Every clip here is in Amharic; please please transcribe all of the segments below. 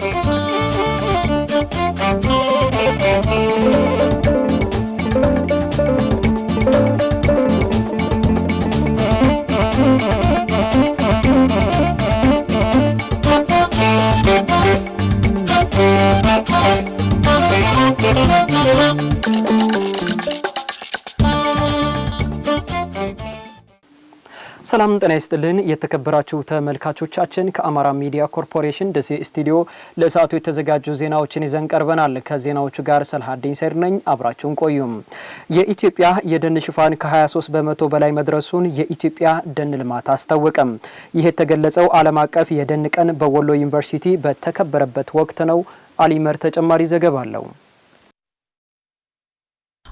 Thank you. ሰላም ጤና ይስጥልን። የተከበራችሁ ተመልካቾቻችን ከአማራ ሚዲያ ኮርፖሬሽን ደሴ ስቱዲዮ ለሰዓቱ የተዘጋጁ ዜናዎችን ይዘን ቀርበናል። ከዜናዎቹ ጋር ሰልሀዲን ሰይድ ነኝ። አብራችሁን ቆዩም። የኢትዮጵያ የደን ሽፋን ከ23 በመቶ በላይ መድረሱን የኢትዮጵያ ደን ልማት አስታወቀም። ይህ የተገለጸው ዓለም አቀፍ የደን ቀን በወሎ ዩኒቨርሲቲ በተከበረበት ወቅት ነው። አሊመር ተጨማሪ ዘገባ አለው።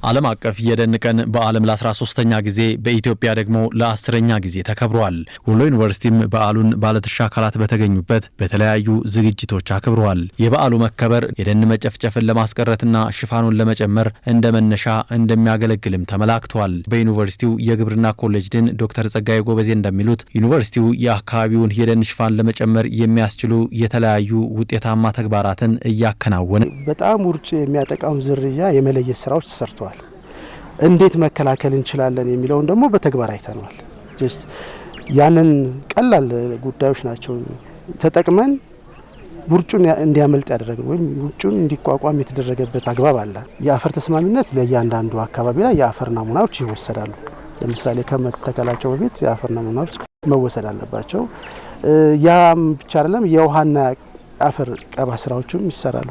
ዓለም አቀፍ የደን ቀን በዓለም ለ13ተኛ ጊዜ በኢትዮጵያ ደግሞ ለአስረኛ ጊዜ ተከብሯል። ወሎ ዩኒቨርሲቲም በዓሉን ባለድርሻ አካላት በተገኙበት በተለያዩ ዝግጅቶች አክብረዋል። የበዓሉ መከበር የደን መጨፍጨፍን ለማስቀረትና ሽፋኑን ለመጨመር እንደ መነሻ እንደሚያገለግልም ተመላክቷል። በዩኒቨርሲቲው የግብርና ኮሌጅ ድን ዶክተር ጸጋዬ ጎበዜ እንደሚሉት ዩኒቨርሲቲው የአካባቢውን የደን ሽፋን ለመጨመር የሚያስችሉ የተለያዩ ውጤታማ ተግባራትን እያከናወነ በጣም ውርጭ የሚያጠቃውን ዝርያ የመለየት ስራዎች ተሰርተዋል። እንዴት መከላከል እንችላለን የሚለውን ደግሞ በተግባር አይተነዋል። ጀስት ያንን ቀላል ጉዳዮች ናቸው ተጠቅመን ውርጩን እንዲያመልጥ ያደረግን ወይም ውርጩን እንዲቋቋም የተደረገበት አግባብ አለ። የአፈር ተስማሚነት ለእያንዳንዱ አካባቢ ላይ የአፈር ናሙናዎች ይወሰዳሉ። ለምሳሌ ከመተከላቸው በፊት የአፈር ናሙናዎች መወሰድ አለባቸው። ያም ብቻ አይደለም፣ የውሃና አፈር ቀባ ስራዎችም ይሰራሉ።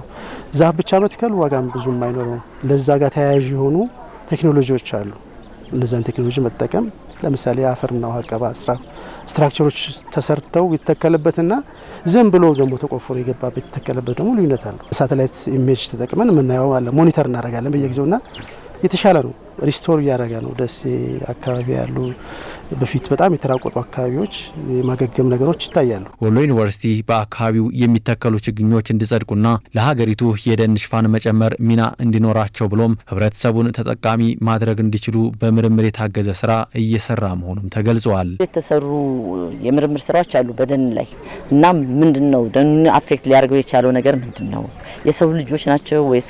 ዛፍ ብቻ መትከል ዋጋም ብዙም አይኖረውም። ለዛ ጋር ተያያዥ የሆኑ ቴክኖሎጂዎች አሉ። እነዚን ቴክኖሎጂ መጠቀም ለምሳሌ የአፈርና ውሃ ቀባ ስትራክቸሮች ተሰርተው ይተከልበትና ዝም ብሎ ደግሞ ተቆፍሮ የገባበት የተተከለበት ደግሞ ልዩነት አለው። ሳተላይት ኢሜጅ ተጠቅመን የምናየው አለ ሞኒተር እናደርጋለን በየጊዜውና የተሻለ ነው። ሪስቶር እያደረገ ነው። ደሴ አካባቢ ያሉ በፊት በጣም የተራቆጡ አካባቢዎች የማገገም ነገሮች ይታያሉ። ወሎ ዩኒቨርሲቲ በአካባቢው የሚተከሉ ችግኞች እንዲጸድቁና ለሀገሪቱ የደን ሽፋን መጨመር ሚና እንዲኖራቸው ብሎም ህብረተሰቡን ተጠቃሚ ማድረግ እንዲችሉ በምርምር የታገዘ ስራ እየሰራ መሆኑም ተገልጸዋል። የተሰሩ የምርምር ስራዎች አሉ በደን ላይ እና ምንድን ነው ደኑ አፌክት ሊያደርገው የቻለው ነገር ምንድን ነው? የሰው ልጆች ናቸው ወይስ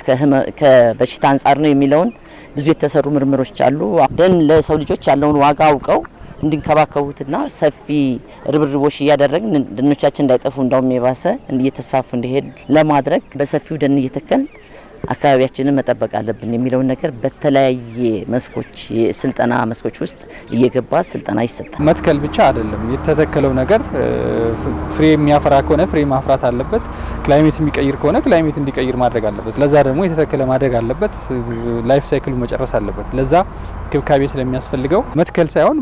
ከበሽታ አንጻር ነው የሚለውን ብዙ የተሰሩ ምርምሮች አሉ። ደን ለሰው ልጆች ያለውን ዋጋ አውቀው እንድንከባከቡትና ሰፊ ርብርቦች እያደረግን ደኖቻችን እንዳይጠፉ እንዳውም የባሰ እየተስፋፉ እንዲሄድ ለማድረግ በሰፊው ደን እየተከል አካባቢያችንን መጠበቅ አለብን የሚለውን ነገር በተለያየ መስኮች የስልጠና መስኮች ውስጥ እየገባ ስልጠና ይሰጣል። መትከል ብቻ አይደለም። የተተከለው ነገር ፍሬ የሚያፈራ ከሆነ ፍሬ ማፍራት አለበት። ክላይሜት የሚቀይር ከሆነ ክላይሜት እንዲቀይር ማድረግ አለበት። ለዛ ደግሞ የተተከለ ማደግ አለበት። ላይፍ ሳይክሉ መጨረስ አለበት። ለዛ እንክብካቤ ስለሚያስፈልገው መትከል ሳይሆን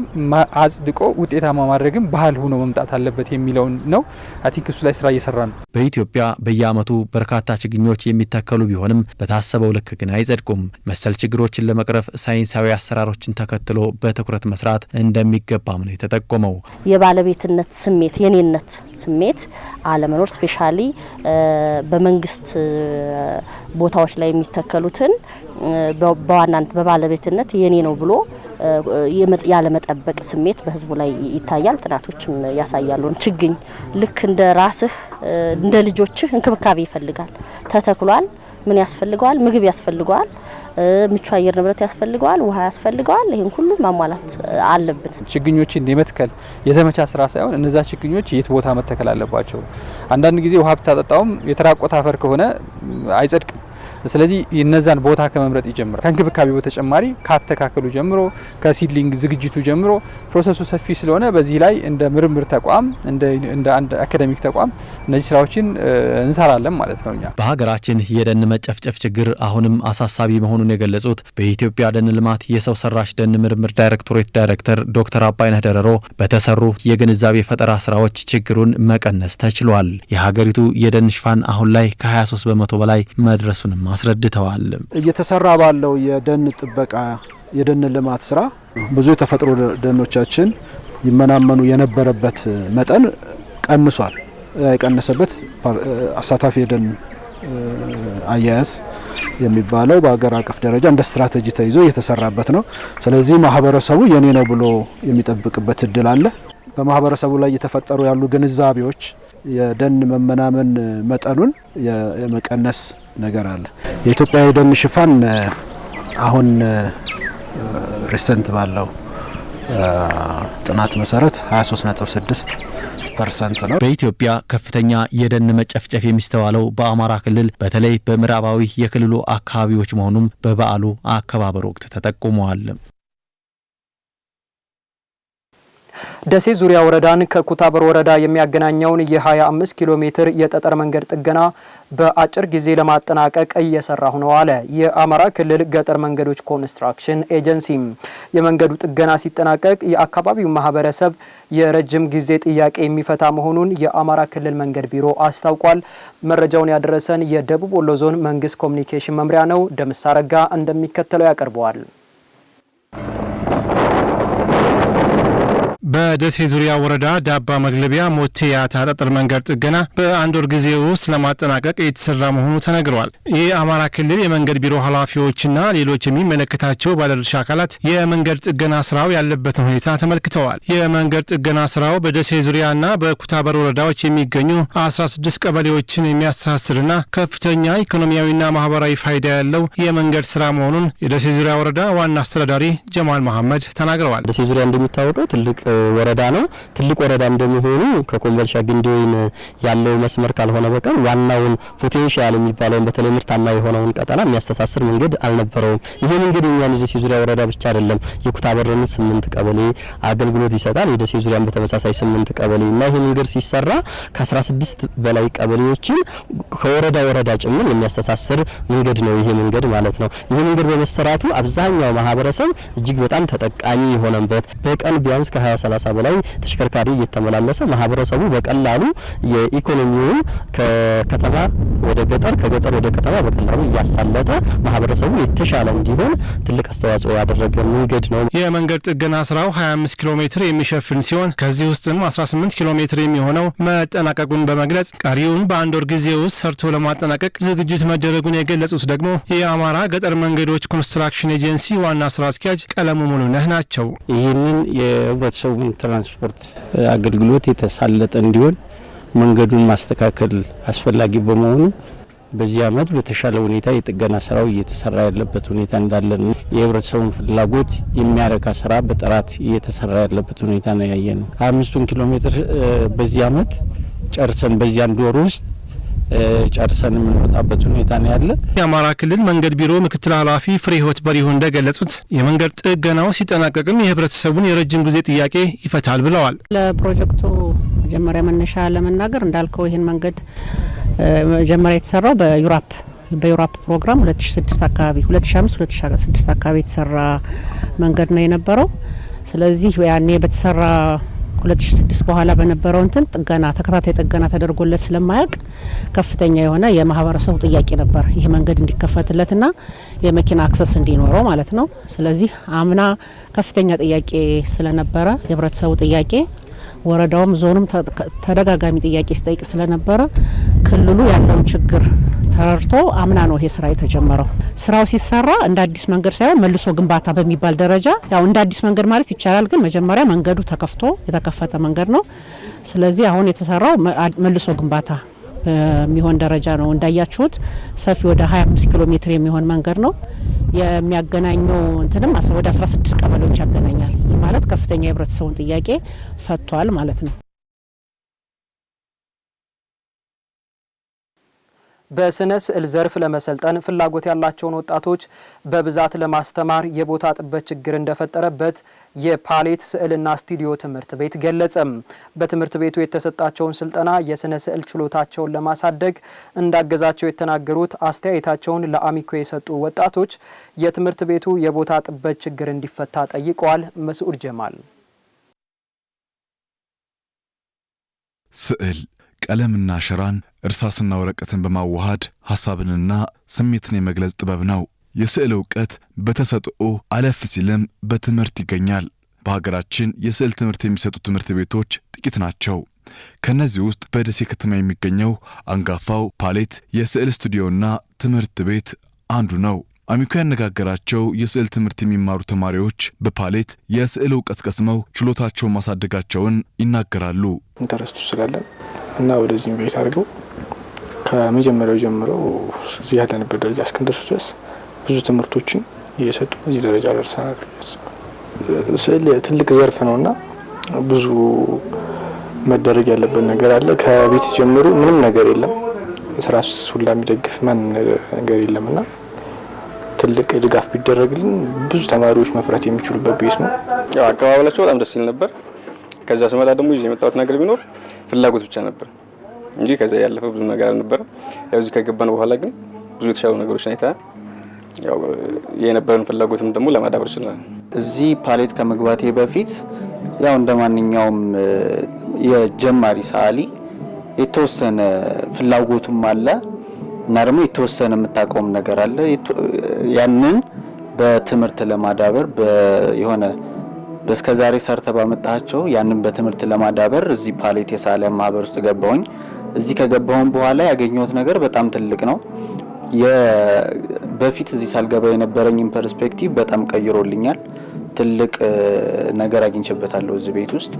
አጽድቆ ውጤታማ ማድረግም ባህል ሆኖ መምጣት አለበት የሚለውን ነው። አቲንክ እሱ ላይ ስራ እየሰራ ነው። በኢትዮጵያ በየአመቱ በርካታ ችግኞች የሚተከሉ ቢሆንም በታሰበው ልክ ግን አይጸድቁም። መሰል ችግሮችን ለመቅረፍ ሳይንሳዊ አሰራሮችን ተከትሎ በትኩረት መስራት እንደሚገባም ነው የተጠቆመው። የባለቤትነት ስሜት የኔነት ስሜት አለመኖር ስፔሻሊ በመንግስት ቦታዎች ላይ የሚተከሉትን በዋናነት በባለቤትነት የኔ ነው ብሎ ያለመጠበቅ ስሜት በህዝቡ ላይ ይታያል። ጥናቶችም ያሳያሉን ችግኝ ልክ እንደ ራስህ እንደ ልጆችህ እንክብካቤ ይፈልጋል። ተተክሏል፣ ምን ያስፈልገዋል? ምግብ ያስፈልገዋል፣ ምቹ አየር ንብረት ያስፈልገዋል፣ ውሃ ያስፈልገዋል። ይህን ሁሉ ማሟላት አለብን። ችግኞችን የመትከል የዘመቻ ስራ ሳይሆን እነዛ ችግኞች የት ቦታ መተከል አለባቸው። አንዳንድ ጊዜ ውሃ ብታጠጣውም የተራቆተ አፈር ከሆነ አይጸድቅም። ስለዚህ እነዛን ቦታ ከመምረጥ ይጀምራል። ከእንክብካቤ በተጨማሪ ካተካከሉ ጀምሮ ከሲድሊንግ ዝግጅቱ ጀምሮ ፕሮሰሱ ሰፊ ስለሆነ በዚህ ላይ እንደ ምርምር ተቋም እንደ አንድ አካዴሚክ ተቋም እነዚህ ስራዎችን እንሰራለን ማለት ነው። እኛ በሀገራችን የደን መጨፍጨፍ ችግር አሁንም አሳሳቢ መሆኑን የገለጹት በኢትዮጵያ ደን ልማት የሰው ሰራሽ ደን ምርምር ዳይሬክቶሬት ዳይሬክተር ዶክተር አባይነህ ደረሮ በተሰሩ የግንዛቤ ፈጠራ ስራዎች ችግሩን መቀነስ ተችሏል። የሀገሪቱ የደን ሽፋን አሁን ላይ ከ23 በመቶ በላይ መድረሱንም አስረድተዋል። እየተሰራ ባለው የደን ጥበቃ የደን ልማት ስራ ብዙ የተፈጥሮ ደኖቻችን ይመናመኑ የነበረበት መጠን ቀንሷል። የቀነሰበት አሳታፊ የደን አያያዝ የሚባለው በሀገር አቀፍ ደረጃ እንደ ስትራቴጂ ተይዞ እየተሰራበት ነው። ስለዚህ ማህበረሰቡ የኔ ነው ብሎ የሚጠብቅበት እድል አለ። በማህበረሰቡ ላይ እየተፈጠሩ ያሉ ግንዛቤዎች የደን መመናመን መጠኑን የመቀነስ ነገር አለ። የኢትዮጵያ የደን ሽፋን አሁን ሪሰንት ባለው ጥናት መሰረት 23.6 ፐርሰንት ነው። በኢትዮጵያ ከፍተኛ የደን መጨፍጨፍ የሚስተዋለው በአማራ ክልል በተለይ በምዕራባዊ የክልሉ አካባቢዎች መሆኑም በበዓሉ አከባበር ወቅት ተጠቁመዋል። ደሴ ዙሪያ ወረዳን ከኩታበር ወረዳ የሚያገናኘውን የ25 ኪሎ ሜትር የጠጠር መንገድ ጥገና በአጭር ጊዜ ለማጠናቀቅ እየሰራ ነው አለ የአማራ ክልል ገጠር መንገዶች ኮንስትራክሽን ኤጀንሲ የመንገዱ ጥገና ሲጠናቀቅ የአካባቢው ማህበረሰብ የረጅም ጊዜ ጥያቄ የሚፈታ መሆኑን የአማራ ክልል መንገድ ቢሮ አስታውቋል። መረጃውን ያደረሰን የደቡብ ወሎ ዞን መንግስት ኮሚኒኬሽን መምሪያ ነው። ደምስ እንደሚከተለው ያቀርበዋል። በደሴ ዙሪያ ወረዳ ዳባ መግለቢያ ሞቴ ያታ ጠጠር መንገድ ጥገና በአንድ ወር ጊዜ ውስጥ ለማጠናቀቅ የተሰራ መሆኑ ተነግሯል። የአማራ ክልል የመንገድ ቢሮ ኃላፊዎችና ሌሎች የሚመለከታቸው ባለድርሻ አካላት የመንገድ ጥገና ስራው ያለበትን ሁኔታ ተመልክተዋል። የመንገድ ጥገና ስራው በደሴ ዙሪያና በኩታበር ወረዳዎች የሚገኙ 16 ቀበሌዎችን የሚያስተሳስርና ከፍተኛ ኢኮኖሚያዊና ማህበራዊ ፋይዳ ያለው የመንገድ ስራ መሆኑን የደሴ ዙሪያ ወረዳ ዋና አስተዳዳሪ ጀማል መሐመድ ተናግረዋል። ደሴ ዙሪያ እንደሚታወቀው ትልቅ ወረዳ ነው። ትልቅ ወረዳ እንደሚሆኑ ከኮምቦልቻ ግንድወይን ያለው መስመር ካልሆነ በቀር ዋናውን ፖቴንሻል የሚባለውን በተለይ ምርታማ የሆነውን ቀጠና የሚያስተሳስር መንገድ አልነበረውም። ይሄ መንገድ የኛን የደሴ ዙሪያ ወረዳ ብቻ አይደለም፣ የኩታበርን ስምንት ቀበሌ አገልግሎት ይሰጣል። የደሴ ዙሪያን በተመሳሳይ ስምንት ቀበሌ እና ይሄ መንገድ ሲሰራ ከ16 በላይ ቀበሌዎችን ከወረዳ ወረዳ ጭምር የሚያስተሳስር መንገድ ነው ይሄ መንገድ ማለት ነው። ይሄ መንገድ በመሰራቱ አብዛኛው ማህበረሰብ እጅግ በጣም ተጠቃሚ የሆነበት በቀን ቢያንስ ከ ከ30 በላይ ተሽከርካሪ እየተመላለሰ ማህበረሰቡ በቀላሉ የኢኮኖሚውን ከከተማ ወደ ገጠር ከገጠር ወደ ከተማ በቀላሉ እያሳለጠ ማህበረሰቡ የተሻለ እንዲሆን ትልቅ አስተዋጽኦ ያደረገ መንገድ ነው። የመንገድ ጥገና ስራው 25 ኪሎ ሜትር የሚሸፍን ሲሆን ከዚህ ውስጥም 18 ኪሎ ሜትር የሚሆነው መጠናቀቁን በመግለጽ ቀሪውን በአንድ ወር ጊዜ ውስጥ ሰርቶ ለማጠናቀቅ ዝግጅት መደረጉን የገለጹት ደግሞ የአማራ ገጠር መንገዶች ኮንስትራክሽን ኤጀንሲ ዋና ስራ አስኪያጅ ቀለሙ ሙሉነህ ናቸው። ይህንን የህብረተሰቡ ትራንስፖርት አገልግሎት የተሳለጠ እንዲሆን መንገዱን ማስተካከል አስፈላጊ በመሆኑ በዚህ ዓመት በተሻለ ሁኔታ የጥገና ስራው እየተሰራ ያለበት ሁኔታ እንዳለ ነው። የህብረተሰቡን ፍላጎት የሚያረካ ስራ በጥራት እየተሰራ ያለበት ሁኔታ ነው ያየ ነው። ሀያ አምስቱን ኪሎ ሜትር በዚህ ዓመት ጨርሰን በዚህ አንድ ወር ውስጥ ጨርሰን የምንወጣበት ሁኔታ ነው ያለ። የአማራ ክልል መንገድ ቢሮ ምክትል ኃላፊ ፍሬ ህይወት በሪሁ እንደገለጹት የመንገድ ጥገናው ሲጠናቀቅም የህብረተሰቡን የረጅም ጊዜ ጥያቄ ይፈታል ብለዋል። ለፕሮጀክቱ መጀመሪያ መነሻ ለመናገር እንዳልከው ይህን መንገድ መጀመሪያ የተሰራው በዩራፕ በዩራፕ ፕሮግራም 2006 አካባቢ 2005 2006 አካባቢ የተሰራ መንገድ ነው የነበረው። ስለዚህ ያኔ በተሰራ ከ2006 በኋላ በነበረው እንትን ጥገና ተከታታይ ጥገና ተደርጎለት ስለማያውቅ ከፍተኛ የሆነ የማህበረሰቡ ጥያቄ ነበር፣ ይህ መንገድ እንዲከፈትለትና የመኪና አክሰስ እንዲኖረው ማለት ነው። ስለዚህ አምና ከፍተኛ ጥያቄ ስለነበረ የህብረተሰቡ ጥያቄ ወረዳውም ዞኑም ተደጋጋሚ ጥያቄ ሲጠይቅ ስለነበረ ክልሉ ያለውን ችግር ተረድቶ አምና ነው ይሄ ስራ የተጀመረው። ስራው ሲሰራ እንደ አዲስ መንገድ ሳይሆን መልሶ ግንባታ በሚባል ደረጃ ያው እንደ አዲስ መንገድ ማለት ይቻላል፣ ግን መጀመሪያ መንገዱ ተከፍቶ የተከፈተ መንገድ ነው። ስለዚህ አሁን የተሰራው መልሶ ግንባታ በሚሆን ደረጃ ነው። እንዳያችሁት ሰፊ ወደ 25 ኪሎ ሜትር የሚሆን መንገድ ነው የሚያገናኘው። እንትንም ወደ 16 ቀበሌዎች ያገናኛል ማለት ከፍተኛ የህብረተሰቡን ጥያቄ ፈቷል ማለት ነው። በስነ ስዕል ዘርፍ ለመሰልጠን ፍላጎት ያላቸውን ወጣቶች በብዛት ለማስተማር የቦታ ጥበት ችግር እንደፈጠረበት የፓሌት ስዕልና ስቱዲዮ ትምህርት ቤት ገለጸም። በትምህርት ቤቱ የተሰጣቸውን ስልጠና የስነ ስዕል ችሎታቸውን ለማሳደግ እንዳገዛቸው የተናገሩት አስተያየታቸውን ለአሚኮ የሰጡ ወጣቶች የትምህርት ቤቱ የቦታ ጥበት ችግር እንዲፈታ ጠይቀዋል። መስዑድ ጀማል ስዕል ቀለምና ሽራን እርሳስና ወረቀትን በማዋሃድ ሐሳብንና ስሜትን የመግለጽ ጥበብ ነው። የስዕል ዕውቀት በተሰጥኦ አለፍ ሲልም በትምህርት ይገኛል። በሀገራችን የስዕል ትምህርት የሚሰጡ ትምህርት ቤቶች ጥቂት ናቸው። ከእነዚህ ውስጥ በደሴ ከተማ የሚገኘው አንጋፋው ፓሌት የስዕል ስቱዲዮና ትምህርት ቤት አንዱ ነው። አሚኮ ያነጋገራቸው የስዕል ትምህርት የሚማሩ ተማሪዎች በፓሌት የስዕል እውቀት ቀስመው ችሎታቸውን ማሳደጋቸውን ይናገራሉ። ኢንተረስቱ ስላለን እና ወደዚህ ቤት አድርገው ከመጀመሪያው ጀምሮ እዚህ ያለንበት ደረጃ እስክንደርስ ድረስ ብዙ ትምህርቶችን እየሰጡ እዚህ ደረጃ ደርሰናል። ስዕል ትልቅ ዘርፍ ነው እና ብዙ መደረግ ያለበት ነገር አለ። ከቤት ጀምሮ ምንም ነገር የለም፣ ስራ ሁላ የሚደግፍ ማን ነገር የለም እና ትልቅ ድጋፍ ቢደረግልን ብዙ ተማሪዎች መፍራት የሚችሉበት ቤት ነው። አቀባበላቸው በጣም ደስ ይል ነበር። ከዛ ስመጣ ደግሞ ይዤ የመጣሁት ነገር ቢኖር ፍላጎት ብቻ ነበር። እንጂ ከዚያ ያለፈ ብዙ ነገር አልነበረም። ያው እዚህ ከገባን በኋላ ግን ብዙ የተሻሉ ነገሮች አይተናል። ያው የነበረን ፍላጎትም ደግሞ ለማዳበር ችለናል። እዚህ ፓሌት ከመግባቴ በፊት ያው እንደ ማንኛውም የጀማሪ ሰዓሊ የተወሰነ ፍላጎቱም አለ እና ደግሞ የተወሰነ የምታቆም ነገር አለ። ያንን በትምህርት ለማዳበር የሆነ እስከዛሬ ሰርተ ባመጣቸው ያንን በትምህርት ለማዳበር እዚህ ፓሌት የሳለ ማህበር ውስጥ ገባውኝ። እዚህ ከገባሁም በኋላ ያገኘሁት ነገር በጣም ትልቅ ነው። በፊት እዚህ ሳልገባ የነበረኝን ፐርስፔክቲቭ በጣም ቀይሮልኛል። ትልቅ ነገር አግኝቼበታለሁ እዚህ ቤት ውስጥ።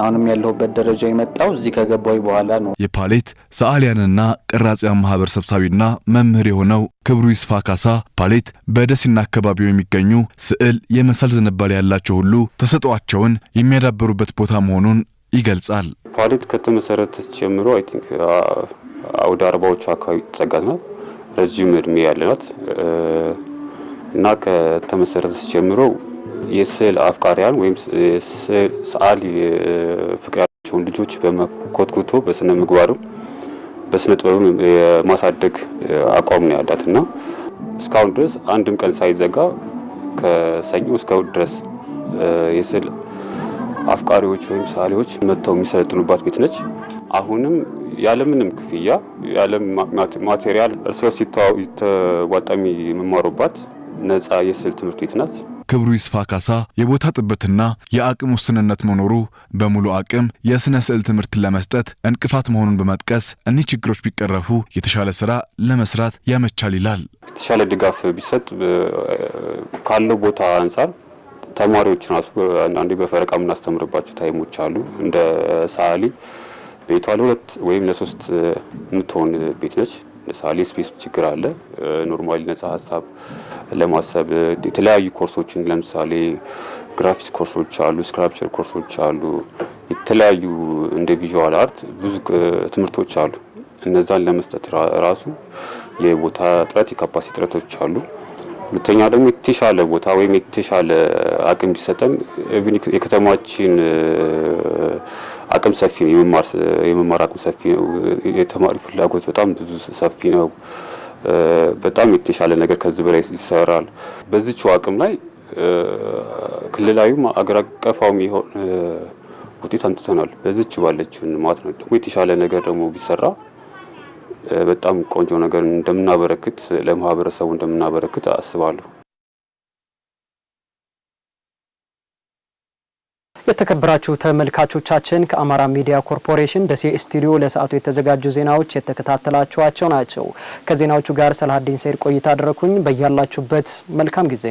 አሁንም ያለሁበት ደረጃ የመጣው እዚህ ከገባሁ በኋላ ነው። የፓሌት ሰዓሊያንና ቅራጺያን ማህበር ሰብሳቢና መምህር የሆነው ክብሩ ይስፋ ካሳ ፓሌት በደሴና አካባቢው የሚገኙ ስዕል የመሳል ዝንባሌ ያላቸው ሁሉ ተሰጧቸውን የሚያዳብሩበት ቦታ መሆኑን ይገልጻል። ፓሌት ከተመሰረተ ጀምሮ አይ ቲንክ ወደ አርባዎቹ አካባቢ ጸጋት ናት። ረዥም እድሜ ያለናት እና ከተመሰረተ ጀምሮ የስዕል አፍቃሪያን ወይም ሰዓሊ ፍቅር ልጆች በመኮትኩቶ በስነ ምግባርም በስነ ጥበብም የማሳደግ አቋም ነው ያላት እና እስካሁን ድረስ አንድም ቀን ሳይዘጋ ከሰኞ እስከ ድረስ የስዕል አፍቃሪዎች ወይም ሳሌዎች መጥተው የሚሰለጥኑባት ቤት ነች። አሁንም ያለምንም ክፍያ ያለም ማቴሪያል በርስ ተዋጣሚ የመማሩባት ነፃ የስዕል ትምህርት ቤት ናት። ክብሩ ይስፋ ካሳ የቦታ ጥበትና የአቅም ውስንነት መኖሩ በሙሉ አቅም የሥነ ስዕል ትምህርትን ለመስጠት እንቅፋት መሆኑን በመጥቀስ እኒህ ችግሮች ቢቀረፉ የተሻለ ስራ ለመስራት ያመቻል ይላል። የተሻለ ድጋፍ ቢሰጥ ካለው ቦታ አንጻር ተማሪዎች ራሱ አንዳንዴ በፈረቃ የምናስተምርባቸው ታይሞች አሉ። እንደ ሳሊ ቤቷ ለሁለት ወይም ለሶስት የምትሆን ቤት ነች። ለሳሊ ስፔስ ችግር አለ። ኖርማሊ ነጻ ሀሳብ ለማሰብ የተለያዩ ኮርሶችን ለምሳሌ ግራፊክስ ኮርሶች አሉ፣ ስክራፕቸር ኮርሶች አሉ፣ የተለያዩ እንደ ቪዥዋል አርት ብዙ ትምህርቶች አሉ። እነዛን ለመስጠት ራሱ የቦታ እጥረት የካፓሲቲ እጥረቶች አሉ። ሁለተኛ ደግሞ የተሻለ ቦታ ወይም የተሻለ አቅም ቢሰጠን የከተማችን አቅም ሰፊ ነው። የመማር አቅም ሰፊ ነው። የተማሪ ፍላጎት በጣም ብዙ ሰፊ ነው። በጣም የተሻለ ነገር ከዚህ በላይ ይሰራል። በዚችው አቅም ላይ ክልላዊም አገር አቀፋውም የሆነ ውጤት አምጥተናል። በዚች ባለችው ማለት ነው ደግሞ የተሻለ ነገር ደግሞ ቢሰራ በጣም ቆንጆ ነገር እንደምናበረክት ለማህበረሰቡ እንደምናበረክት አስባለሁ። የተከበራችሁ ተመልካቾቻችን ከአማራ ሚዲያ ኮርፖሬሽን ደሴ ስቱዲዮ ለሰዓቱ የተዘጋጁ ዜናዎች የተከታተላችኋቸው ናቸው። ከዜናዎቹ ጋር ሰላሀዲን ሰይድ ቆይታ አደረኩኝ። በያላችሁበት መልካም ጊዜ